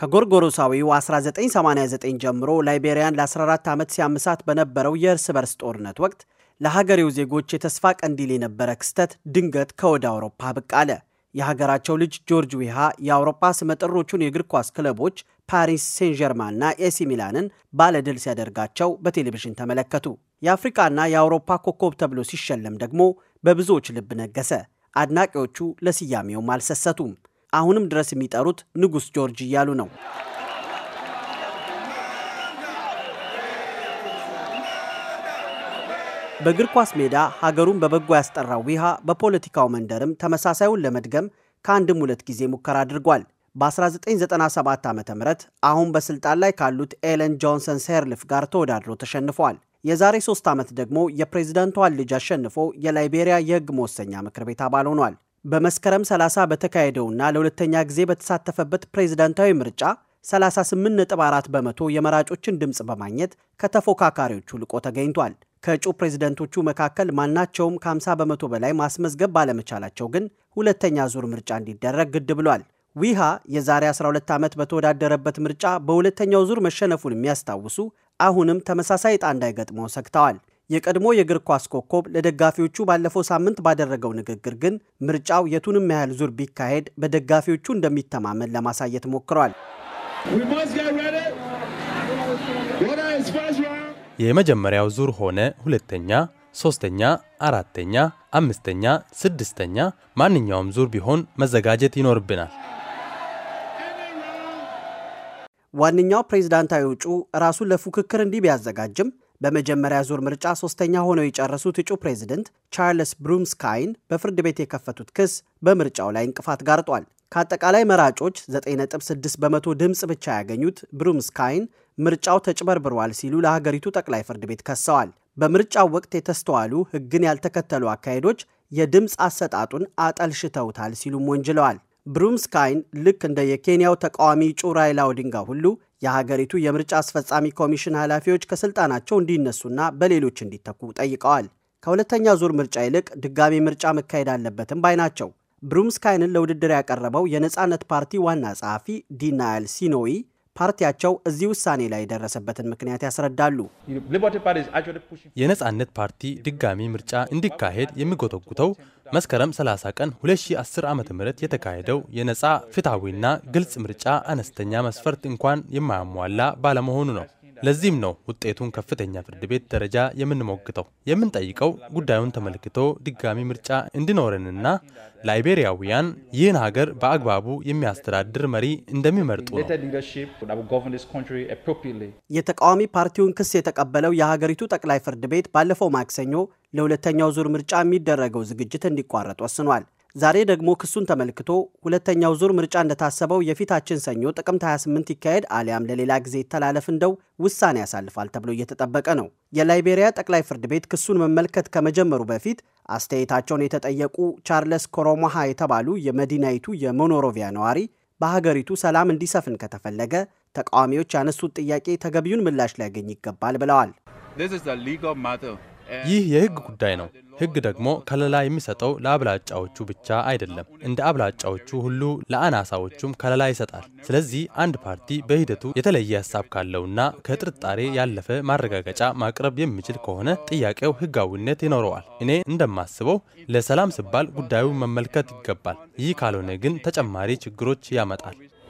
ከጎርጎሮሳዊው 1989 ጀምሮ ላይቤሪያን ለ14 ዓመት ሲያምሳት በነበረው የእርስ በርስ ጦርነት ወቅት ለሀገሬው ዜጎች የተስፋ ቀንዲል የነበረ ክስተት ድንገት ከወደ አውሮፓ ብቅ አለ። የሀገራቸው ልጅ ጆርጅ ዊሃ የአውሮፓ ስመጥሮቹን የእግር ኳስ ክለቦች ፓሪስ ሴን ጀርማንና ኤሲ ሚላንን ባለድል ሲያደርጋቸው በቴሌቪዥን ተመለከቱ። የአፍሪቃና የአውሮፓ ኮከብ ተብሎ ሲሸለም ደግሞ በብዙዎች ልብ ነገሰ። አድናቂዎቹ ለስያሜውም አልሰሰቱም። አሁንም ድረስ የሚጠሩት ንጉሥ ጆርጅ እያሉ ነው። በእግር ኳስ ሜዳ ሀገሩን በበጎ ያስጠራው ዊሃ በፖለቲካው መንደርም ተመሳሳዩን ለመድገም ከአንድም ሁለት ጊዜ ሙከራ አድርጓል። በ1997 ዓ ም አሁን በስልጣን ላይ ካሉት ኤለን ጆንሰን ሴርልፍ ጋር ተወዳድሮ ተሸንፏል። የዛሬ ሶስት ዓመት ደግሞ የፕሬዝደንቷን ልጅ አሸንፎ የላይቤሪያ የሕግ መወሰኛ ምክር ቤት አባል ሆኗል። በመስከረም 30 በተካሄደውና ለሁለተኛ ጊዜ በተሳተፈበት ፕሬዝዳንታዊ ምርጫ 38.4 በመቶ የመራጮችን ድምፅ በማግኘት ከተፎካካሪዎቹ ልቆ ተገኝቷል። ከእጩ ፕሬዝደንቶቹ መካከል ማናቸውም ከ50 በመቶ በላይ ማስመዝገብ ባለመቻላቸው ግን ሁለተኛ ዙር ምርጫ እንዲደረግ ግድ ብሏል። ዊሃ የዛሬ 12 ዓመት በተወዳደረበት ምርጫ በሁለተኛው ዙር መሸነፉን የሚያስታውሱ አሁንም ተመሳሳይ ዕጣ እንዳይገጥመው ሰግተዋል። የቀድሞ የእግር ኳስ ኮከብ ለደጋፊዎቹ ባለፈው ሳምንት ባደረገው ንግግር ግን ምርጫው የቱንም ያህል ዙር ቢካሄድ በደጋፊዎቹ እንደሚተማመን ለማሳየት ሞክሯል። የመጀመሪያው ዙር ሆነ ሁለተኛ፣ ሶስተኛ፣ አራተኛ፣ አምስተኛ፣ ስድስተኛ ማንኛውም ዙር ቢሆን መዘጋጀት ይኖርብናል። ዋነኛው ፕሬዝዳንታዊ ውጩ ራሱን ለፉክክር እንዲህ ቢያዘጋጅም በመጀመሪያ ዙር ምርጫ ሶስተኛ ሆነው የጨረሱት እጩ ፕሬዚደንት ቻርልስ ብሩምስካይን በፍርድ ቤት የከፈቱት ክስ በምርጫው ላይ እንቅፋት ጋርጧል። ከአጠቃላይ መራጮች 9.6 በመቶ ድምፅ ብቻ ያገኙት ብሩምስካይን ምርጫው ተጭበርብሯል ሲሉ ለሀገሪቱ ጠቅላይ ፍርድ ቤት ከሰዋል። በምርጫው ወቅት የተስተዋሉ ሕግን ያልተከተሉ አካሄዶች የድምፅ አሰጣጡን አጠልሽተውታል ሲሉም ወንጅለዋል። ብሩምስካይን ልክ እንደ የኬንያው ተቃዋሚ እጩ ራይላ ኦዲንጋ ሁሉ የሀገሪቱ የምርጫ አስፈጻሚ ኮሚሽን ኃላፊዎች ከስልጣናቸው እንዲነሱና በሌሎች እንዲተኩ ጠይቀዋል። ከሁለተኛ ዙር ምርጫ ይልቅ ድጋሜ ምርጫ መካሄድ አለበትም ባይ ናቸው። ብሩምስካይንን ለውድድር ያቀረበው የነፃነት ፓርቲ ዋና ጸሐፊ ዲናያል ሲኖዊ ፓርቲያቸው እዚህ ውሳኔ ላይ የደረሰበትን ምክንያት ያስረዳሉ። የነጻነት ፓርቲ ድጋሚ ምርጫ እንዲካሄድ የሚጎተጉተው መስከረም 30 ቀን 2010 ዓ ም የተካሄደው የነጻ ፍትሐዊና ግልጽ ምርጫ አነስተኛ መስፈርት እንኳን የማያሟላ ባለመሆኑ ነው። ለዚህም ነው ውጤቱን ከፍተኛ ፍርድ ቤት ደረጃ የምንሞግተው። የምንጠይቀው ጉዳዩን ተመልክቶ ድጋሚ ምርጫ እንዲኖረንና ላይቤሪያውያን ይህን ሀገር በአግባቡ የሚያስተዳድር መሪ እንደሚመርጡ ነው። የተቃዋሚ ፓርቲውን ክስ የተቀበለው የሀገሪቱ ጠቅላይ ፍርድ ቤት ባለፈው ማክሰኞ ለሁለተኛው ዙር ምርጫ የሚደረገው ዝግጅት እንዲቋረጥ ወስኗል። ዛሬ ደግሞ ክሱን ተመልክቶ ሁለተኛው ዙር ምርጫ እንደታሰበው የፊታችን ሰኞ ጥቅምት 28 ይካሄድ አሊያም ለሌላ ጊዜ ይተላለፍ እንደው ውሳኔ ያሳልፋል ተብሎ እየተጠበቀ ነው። የላይቤሪያ ጠቅላይ ፍርድ ቤት ክሱን መመልከት ከመጀመሩ በፊት አስተያየታቸውን የተጠየቁ ቻርለስ ኮሮሞሃ የተባሉ የመዲናይቱ የሞኖሮቪያ ነዋሪ በሀገሪቱ ሰላም እንዲሰፍን ከተፈለገ ተቃዋሚዎች ያነሱት ጥያቄ ተገቢውን ምላሽ ሊያገኝ ይገባል ብለዋል። ይህ የህግ ጉዳይ ነው። ሕግ ደግሞ ከለላ የሚሰጠው ለአብላጫዎቹ ብቻ አይደለም፣ እንደ አብላጫዎቹ ሁሉ ለአናሳዎቹም ከለላ ይሰጣል። ስለዚህ አንድ ፓርቲ በሂደቱ የተለየ ሀሳብ ካለውና ከጥርጣሬ ያለፈ ማረጋገጫ ማቅረብ የሚችል ከሆነ ጥያቄው ሕጋዊነት ይኖረዋል። እኔ እንደማስበው ለሰላም ሲባል ጉዳዩ መመልከት ይገባል። ይህ ካልሆነ ግን ተጨማሪ ችግሮች ያመጣል።